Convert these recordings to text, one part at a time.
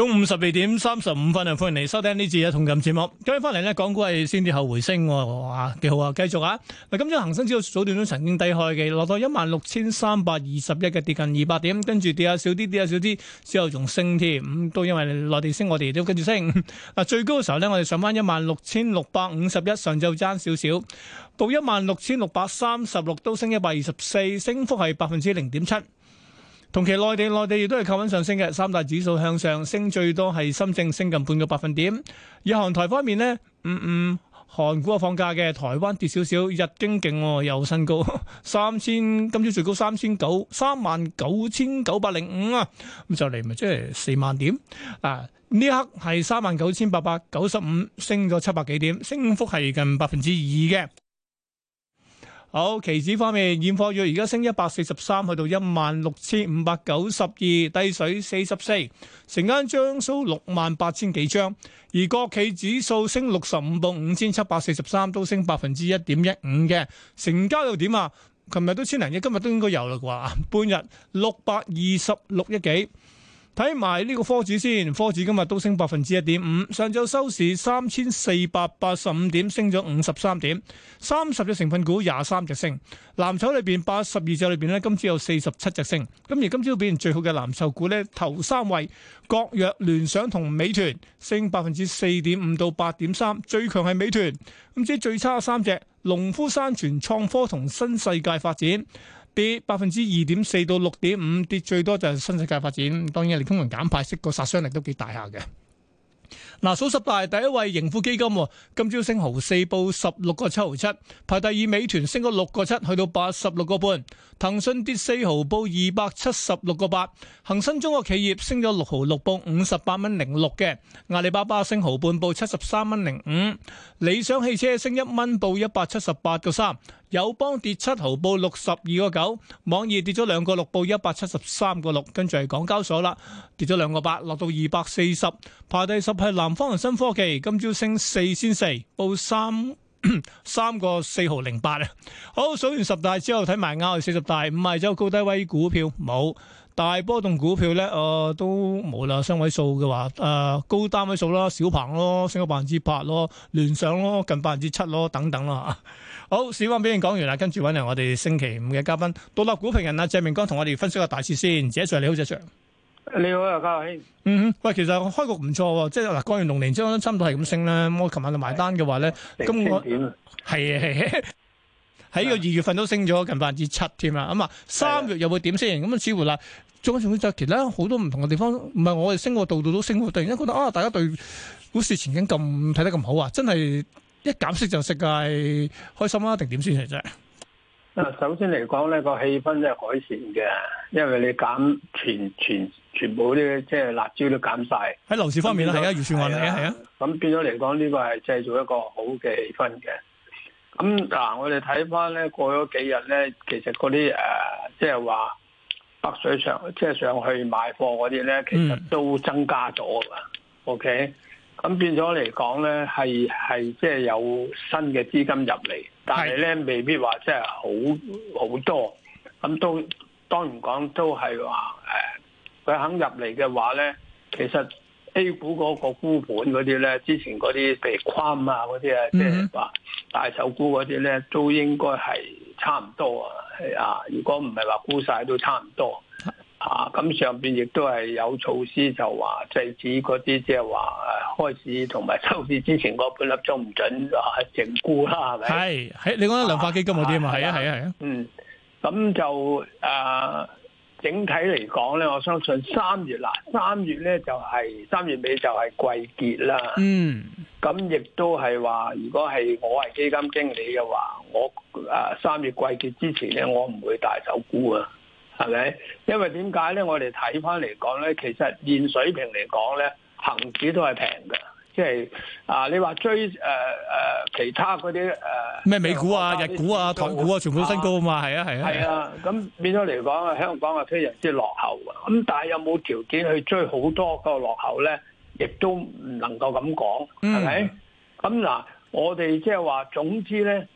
中午十二點三十五分，啊，歡迎嚟收聽呢節嘅《同感節目》。今日翻嚟呢，港股係先跌後回升，哇，幾好啊！繼續啊，嗱，今朝恒生指數早段都曾經低開嘅，落到一萬六千三百二十一嘅，跌近二百點，跟住跌下少啲，跌下少啲，之後仲升添，咁都因為內地升，我哋都跟住升。嗱， 最高嘅時候呢，我哋上翻一萬六千六百五十一，上晝爭少少，到一萬六千六百三十六，都升一百二十四，升幅係百分之零點七。同期內地內地亦都係靠穩上升嘅，三大指數向上，升最多係深證升近半個百分點。以韓台方面呢，五五韓股啊放假嘅，台灣跌少少，日經勁喎，又新高三千，今朝最高三千九三萬九千九百零五啊，咁就嚟咪即係四萬點啊！呢刻係三萬九千八百九十五，升咗七百幾點，升幅係近百分之二嘅。好，期指方面，現貨月而家升一百四十三，去到一萬六千五百九十二，低水四十四，成間張數六萬八千幾張。而國企指數升六十五到五千七百四十三，都升百分之一點一五嘅，成交又點啊？琴日都千零億，今日都應該有啦啩，半日六百二十六億幾。睇埋呢個科指先，科指今日都升百分之一點五，上晝收市三千四百八十五點，升咗五十三點，三十隻成分股廿三隻升，藍籌裏邊八十二隻裏邊呢，今朝有四十七隻升，咁而今朝表現最好嘅藍籌股呢，頭三位國藥、聯想同美團，升百分之四點五到八點三，最強係美團，咁知最差三隻，農夫山泉、創科同新世界發展。跌百分之二點四到六點五，跌最多就係新世界發展。當然，你供能減派息個殺傷力都幾大下嘅。嗱，數十大第一位盈富基金，今朝升毫四，報十六個七毫七；排第二，美團升咗六個七，去到八十六個半；騰訊跌四毫，報二百七十六個八；恒生中國企業升咗六毫六，報五十八蚊零六嘅；阿里巴巴升毫半，報七十三蚊零五；理想汽車升一蚊，報一百七十八個三。友邦跌七毫，報六十二個九；網易跌咗兩個六，報一百七十三個六。跟住係港交所啦，跌咗兩個八，落到二百四十。排第十係南方恒生科技，今朝升四仙四，報三三個四毫零八啊。好，數完十大之後，睇埋亞係四十大，五係周高低位股票冇大波動股票咧，誒、呃、都冇啦。雙位數嘅話，誒、呃、高單位數啦，小鵬咯，升咗百分之八咯，聯想咯，近百分之七咯，等等啦吓。好，小汪俾你講完啦，跟住揾嚟我哋星期五嘅嘉賓，獨立股評人啊，謝明光同我哋分析個大市先。謝 sir，你好，謝 sir。你好啊，嘉偉兄。喂，其實開局唔錯，即係嗱，過完龍年之後差唔多係咁升啦。我琴晚就埋單嘅話咧，咁的我係啊，喺個二月份都升咗近百分之七添啦。咁啊，三月又會點先？咁啊的，似乎啦，仲有其他好多唔同嘅地方，唔係我哋升過，度度都升過。突然間覺得啊，大家對股市前景咁睇得咁好啊，真係。一減息就食嘅，開心啦定點先其啫？啊，首先嚟講咧個氣氛真係改善嘅，因為你減全全全部啲即係辣椒都減晒。喺樓市方面咧，係啊預算案嚟嘅，係啊。咁、啊啊、變咗嚟講呢個係製造一個好嘅氣氛嘅。咁嗱、啊，我哋睇翻咧，過咗幾日咧，其實嗰啲誒即係話北水上即係、即係、上去買貨嗰啲咧，其實都增加咗噶。O K、嗯。Okay? 咁變咗嚟講咧，係係即係有新嘅資金入嚟，但係咧未必話即係好好多。咁都當然講都係、呃、話誒，佢肯入嚟嘅話咧，其實 A 股嗰個沽盤嗰啲咧，之前嗰啲被框啊嗰啲啊，即係話大手沽嗰啲咧，都應該係差唔多啊。係啊，如果唔係話沽晒都差唔多。啊，咁上邊亦都係有措施，就話制止嗰啲即係話，誒、就是啊、開市同埋收市之前嗰半粒鐘唔准啊淨沽啦，係咪？係喺你講得量化基金嗰啲嘛？係啊係啊係啊。啊啊啊嗯，咁就誒、啊、整體嚟講咧，我相信三月嗱，三月咧就係、是、三月尾就係季結啦。嗯，咁亦都係話，如果係我係基金經理嘅話，我誒三、啊、月季結之前咧，我唔會大手沽啊。係咪？因為點解咧？我哋睇翻嚟講咧，其實現水平嚟講咧，恒指都係平嘅，即係啊！你話追誒誒其他嗰啲誒咩美股啊、日股啊、台股啊，全部升高啊嘛，係啊係啊。係啊，咁變咗嚟講啊，香港係，非常之落後嘅。咁但係有冇條件去追好多個落後咧？亦都唔能夠咁講，係咪？咁嗱，我哋即係話總之咧，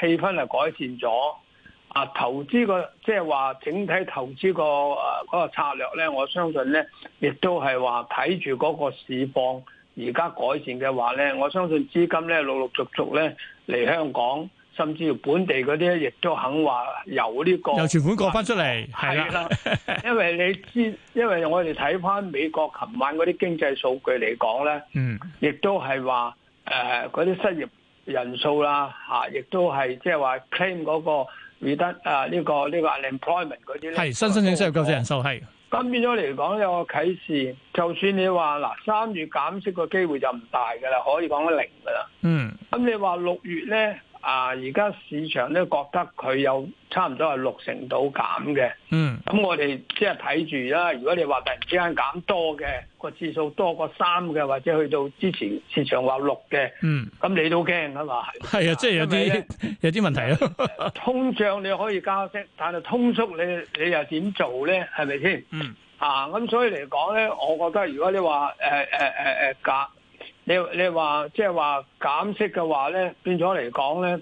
誒氣氛係改善咗。啊！投資個即係話，即係、整體投資、呃嗰個誒嗰個策略咧，我相信咧，亦都係話睇住嗰個市況而家改善嘅話咧，我相信資金咧陸陸續續咧嚟香港，甚至乎本地嗰啲亦都肯話、呢個、由呢個由存款過翻出嚟，係啦，因為你知，因為我哋睇翻美國琴晚嗰啲經濟數據嚟講咧，嗯，亦都係話誒嗰啲失業人數啦，嚇、啊，亦都係即係話 claim 嗰、嗰個。會得啊！呢個呢個 unemployment 嗰啲咧，係新申請失業救濟人數係。咁變咗嚟講，有個啟示，就算你話嗱，三月減息個機會就唔大㗎啦，可以講講零㗎啦。嗯。咁、嗯、你話六月咧？啊！而家市場咧覺得佢有差唔多係六成度減嘅。嗯。咁我哋即係睇住啦。如果你話突然之間減多嘅個次數多過三嘅，或者去到之前市場話六嘅。嗯。咁你都驚啊嘛？係。係啊，即、就、係、是、有啲 有啲問題咯、啊 通脹你可以加息，但係通縮你你又點做咧？係咪先？嗯。啊，咁所以嚟講咧，我覺得如果你話誒誒誒誒減。呃呃呃呃你你、就是、話即係話減息嘅話咧，變咗嚟講咧，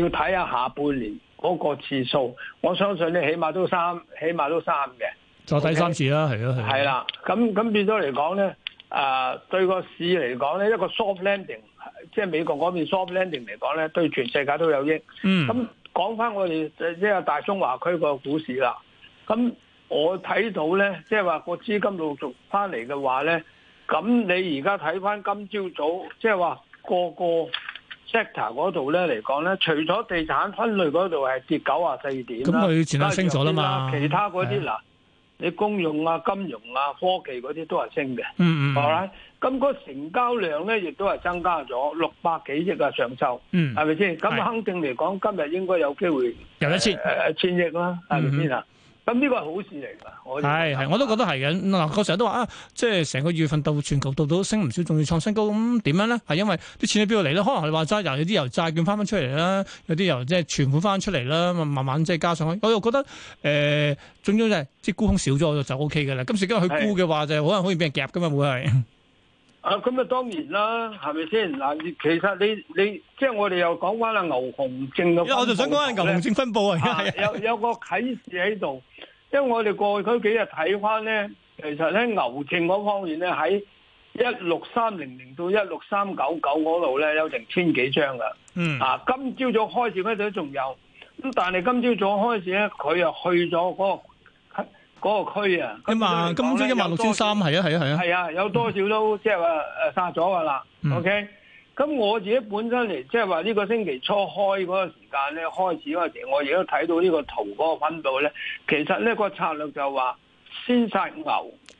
要睇下下半年嗰個次數。我相信你起碼都三，起碼都三嘅，再睇三次啦，係咯 Okay?、啊，係啦、啊。咁咁、啊啊、變咗嚟講咧，誒、呃，對個市嚟講咧，一個 soft landing，即係美國嗰邊 soft landing 嚟講咧，對全世界都有益。嗯。咁講翻我哋即係大中華區個股市啦。咁我睇到咧，即、就、係、是、話個資金陸續翻嚟嘅話咧。咁你而家睇翻今朝早，即係話個個 sector 嗰度咧嚟講咧，除咗地產分類嗰度係跌九啊四點啦，嗯、前升嘛，其他其他嗰啲嗱，的你公用啊、金融啊、科技嗰啲都係升嘅，嗯嗯，係咪？咁嗰成交量咧亦都係增加咗六百幾億啊上晝，嗯，係咪先？咁的肯定嚟講，今日應該有機會有一千誒、嗯、千億啦，係咪先啊？嗯咁呢個係好事嚟㗎，是我係我都覺得係嘅。嗱、嗯，我成日都話啊，即係成個月份到全球度到升唔少，仲要創新高，咁、嗯、點樣咧？係因為啲錢喺邊度嚟咧？可能係話齋由有啲由債券翻翻出嚟啦，有啲由即係存款翻翻出嚟啦，慢慢即係加上去。我又覺得誒、呃，總之就係即係沽空少咗就 O K 㗎啦。今時今日去沽嘅話的就可能可以俾人夾㗎嘛，會係。啊，咁啊當然啦，係咪先嗱？其實你你即係我哋又講翻啦，牛熊證嘅，我就想講下牛熊證分佈啊，有有個啟示喺度，因為我哋過去嗰幾日睇翻咧，其實咧牛證嗰方面咧喺一六三零零到一六三九九嗰度咧有成千幾張噶，嗯、啊，今朝早開始咧都仲有，咁但係今朝早開始咧佢又去咗、嗰個。嗰個區啊，一萬，今朝一萬六千三，係啊，係啊，係啊，係啊，有多少都即係話誒殺咗㗎啦。啊、OK，咁我自己本身嚟即係話呢個星期初開嗰個時間咧，開始嗰陣時，我亦都睇到呢個圖嗰個分佈咧。其實呢個策略就話先殺牛，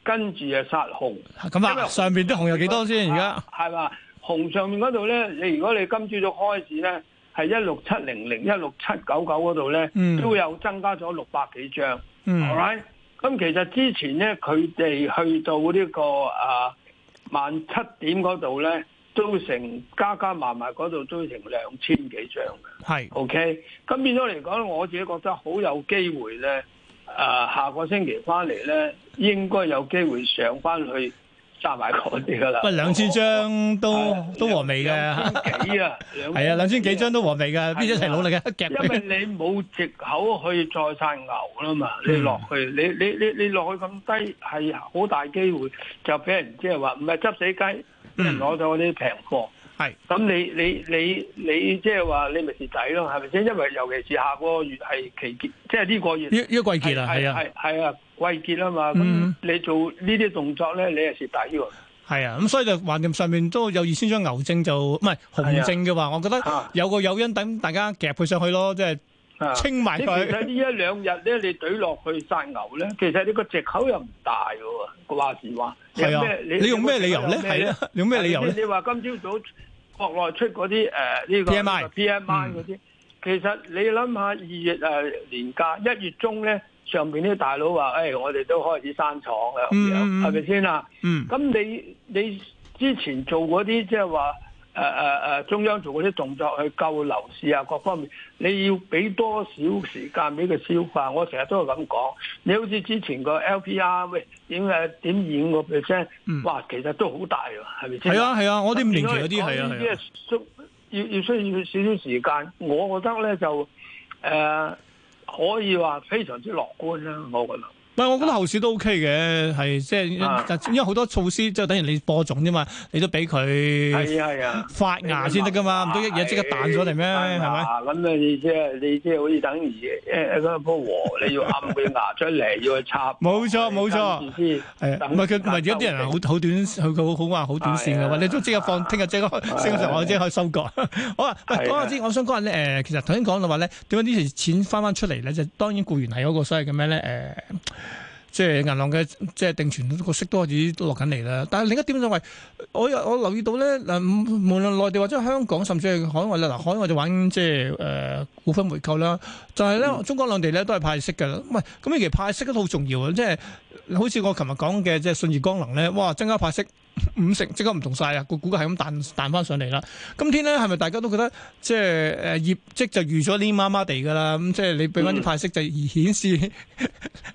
跟住誒殺熊。咁啊，上邊啲熊有幾多先？而家係嘛？熊上面嗰度咧，你如果你今朝早開始咧，係一六七零零、一六七九九嗰度咧，都有增加咗六百幾張。All 咁其實之前咧，佢哋去到呢個啊萬七點嗰度咧，都成加加埋埋嗰度都成兩千幾張嘅。係，OK 咁變咗嚟講，我自己覺得好有機會咧。啊，下個星期翻嚟咧，應該有機會上翻去。揸埋嗰啲噶啦，兩千張都我都和味嘅，千幾啊？係 啊，兩千幾張都和味嘅，必須 的一齊努力嘅，夾。因為你冇藉口去再晒牛啦嘛，你落去，嗯、你你你你落去咁低，係好大機會就俾人即係話唔係執死雞，攞咗嗰啲平貨。係咁是，你你你你即係話你咪蝕底咯，係咪先？因為尤其是下個月係季結，即係呢個月，呢呢季結啊，係、嗯、啊，係啊，季結啊嘛。咁你做呢啲動作咧，你係蝕底喎。係啊，咁所以就橫掂上面都有二千張牛證就唔係熊證嘅話，啊、我覺得有個誘因等大家夾配上去咯，即係、啊、清埋佢。其實呢一兩日咧，你懟落去殺牛咧，其實你個借口又唔大嘅、啊。話時話，你咩、啊？你用咩理由咧？係啊，用咩理由、啊？你話今朝早。 國內出嗰啲誒呢個 P.M.I. P.M.I. 嗰啲。P MI 嗯、其實你諗下二月誒、呃、年假一月中咧，上邊啲大佬話，誒、哎、我哋都開始閂廠啦，係咪先啦？咁、嗯、你你之前做嗰啲即係話。誒誒誒，中央做嗰啲動作去救樓市啊，各方面你要俾多少時間俾佢消化？我成日都係咁講。你好似之前個 LPR 喂點誒點二五個 percent，哇，其實都好大喎，係咪？係啊係啊，我啲五年期嗰啲係啊。啊啊要要需要少少時間，我覺得咧就誒、呃、可以話非常之樂觀啦，我覺得。唔係，我覺得後市都 OK 嘅，係即係因因為好多措施，即係等於你播種啫嘛，你都俾佢發芽先得噶嘛，唔都一嘢即刻彈咗嚟咩？係咪？咁啊，你即係你即係好似等於一個棵禾，你要暗佢芽出嚟，要去插。冇錯冇錯，係唔係佢唔係而家啲人好好短，佢好好話好短線嘅話，你都即刻放，聽日即刻升上，時候即刻收割。好啊，講下先，我想講下咧誒，其實頭先講到話咧點樣啲錢翻翻出嚟咧，就當然固然係嗰個所謂嘅咩咧誒。即係銀行嘅即係定存個息都開始都落緊嚟啦，但係另一點就係、是，我又我留意到咧嗱，無論內地或者香港，甚至係海外啦，海外就玩即係誒、呃、股份回購啦，就係、是、咧中港兩地咧都係派息嘅，唔係咁，其實派息都好重要啊，即係。好似我琴日講嘅即係信義光能咧，哇，增加派息五成，即刻唔同晒啦，個股價係咁彈彈翻上嚟啦。今天咧係咪大家都覺得即係誒業績就預咗啲麻麻地噶啦？咁即係你俾翻啲派息、嗯、就而顯示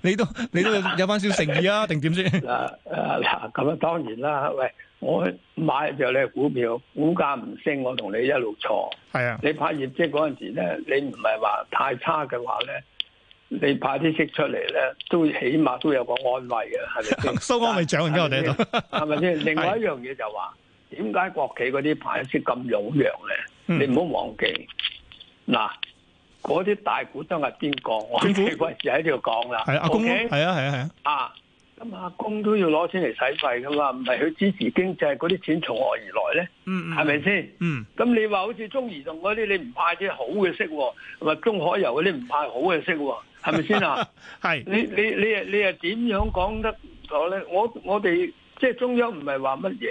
你都你都有翻少少誠意、嗯、啊？定點先？嗱、啊，咁啊當然啦。喂，我買咗你嘅股票，股價唔升，我同你一路錯。係啊，你派業績嗰陣時咧，你唔係話太差嘅話咧。你派啲息，息出嚟咧，都起碼都有個安慰嘅，係咪先？收安慰獎咗我哋咯，係咪先？另外一樣嘢就話、是，點解國企嗰啲派息咁湧揚咧？嗯、你唔好忘記，嗱，嗰啲大股東係邊個？政府。奇怪喺呢度講啦。係阿、啊 okay? 啊、公，公。係啊係啊係啊。啊，咁阿、啊、公都要攞錢嚟使費噶嘛？唔係佢支持經濟嗰啲錢從何而來咧？嗯係咪先？嗯。咁你話好似中移動嗰啲，你唔派啲好嘅息喎、啊，同埋中海油嗰啲唔派好嘅息喎、啊。係咪先啊？係 是你你你啊你又點樣講得我咧？我我哋即係中央唔係話乜嘢。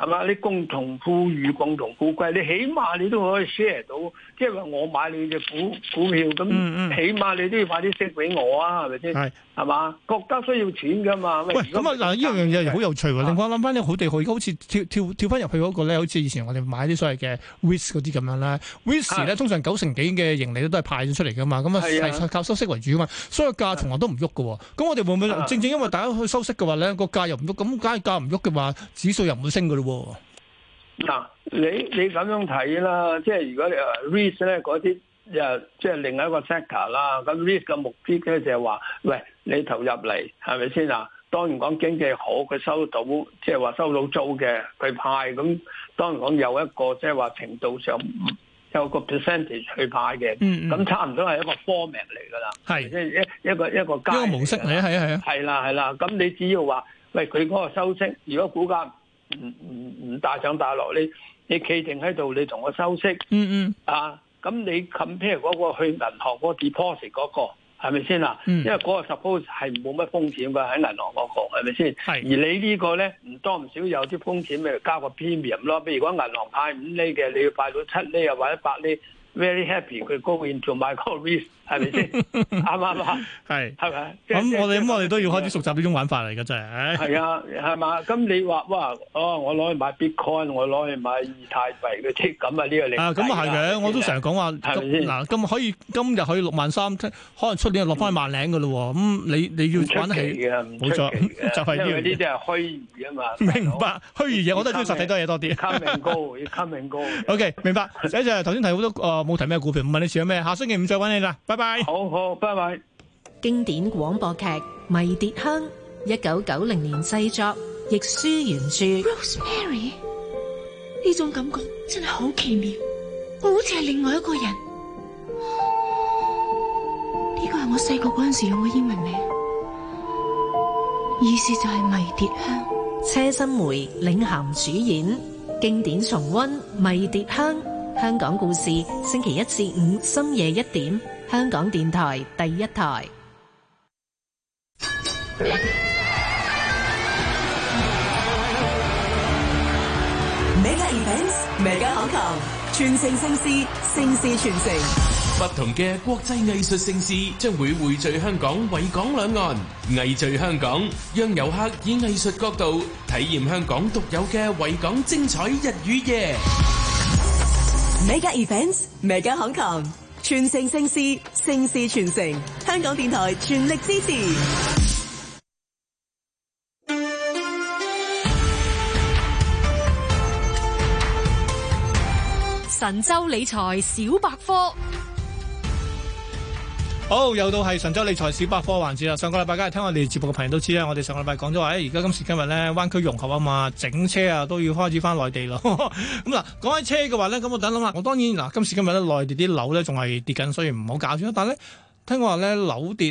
係嘛？你共同富裕、共同富貴，你起碼你都可以 share 到，即係話我買你隻股股票，咁起碼你都要派啲息俾我啊，係咪先？係係嘛？國家需要錢㗎嘛？喂，咁啊嗱，呢樣嘢又好有趣喎。我諗翻你好地去，而家好似跳跳跳翻入去嗰個咧，好似以前我哋買啲所謂嘅 whisk 嗰啲咁樣啦 whisk 咧通常九成幾嘅盈利都係派咗出嚟㗎嘛，咁啊係靠收息為主啊嘛，所以價從來都唔喐㗎喎。咁我哋會唔會正正因為大家去收息嘅話咧，個價又唔喐，咁梗係價唔喐嘅話，指數又唔會升㗎咯。嗱，哦、你你咁樣睇啦，即係如果你話 risk 咧，嗰啲誒，即係另外一個 sector 啦。咁 risk 嘅目的咧就係、是、話，喂，你投入嚟係咪先啊？當然講經濟好，佢收到，即係話收到租嘅，佢派咁，當然講有一個即係話程度上有個 percentage 去派嘅。咁、嗯嗯、差唔多係一個 format 嚟噶啦。係是。一一個一個加一個模式係啊係啊係啊。係啦係啦，咁、啊啊、你只要話，喂，佢嗰個收息，如果股價。唔唔唔，大上大落，你 there，你企定喺度，你同我收息，嗯嗯、mm hmm. 啊、咁、嗯、你 compare 嗰個去銀行嗰個 deposit 嗰、嗰個，係咪先啊？因為嗰個 suppose 係冇乜風險噶、那個，喺銀行嗰個係咪先？係的而你個呢個咧唔多唔少有啲風險，咪加個 premium 咯。譬如講銀行派五厘嘅，你要派到七厘又或者八厘。very happy 佢高入做 my coins 係咪先啱唔啱係係咪咁我哋咁我哋都要開始熟習呢種玩法嚟㗎真係係啊係嘛咁你話哇哦我攞去買 bitcoin 我攞去買以太幣嗰啲咁啊呢個你啊咁啊係嘅我都成日講話嗱咁可以今日可以六萬三可能出年落翻去萬零嘅咯喎咁你你要出得起嘅冇錯就係因為呢啲係虛擬啊嘛明白虛擬嘢我都中意實體多嘢多啲。o 要高。O K 明白。謝謝頭先提好多我冇睇咩股票，唔問你似咩。下星期五再揾你啦，拜拜。好好，拜拜。經典廣播劇《迷迭香》，一九九零年製作，亦書原著。Rosemary，呢種感覺真係好奇妙，我好似係另外一個人。呢個係我細個嗰陣時用嘅英文名，意思就係迷迭香。車新梅領銜主演，經典重溫《迷迭香》。香港故事，星期一至五深夜一點，香港電台第一台。mega events，mega 好球，傳承盛世，盛世傳承。不同嘅國際藝術盛事將會滙聚香港，維港兩岸，藝聚香港，讓遊客以藝術角度體驗香港獨有嘅維港精彩日與夜。Mega events，Mega 全城，盛事，盛事傳承，香港電台全力支持。神州理財小百科。好，oh, 又到係神州理財小百科環節啦。上個禮拜梗係聽我哋節目嘅朋友都知啦，我哋上個禮拜講咗話，誒、哎，而家今時今日咧，灣區融合啊嘛，整車啊都要開始翻內地咯。咁 嗱、嗯，講起車嘅話咧，咁、嗯、我等諗下，我當然嗱、啊，今時今日咧，內地啲樓咧仲係跌緊，所以唔好搞住咯。但係咧，聽講話咧，樓跌。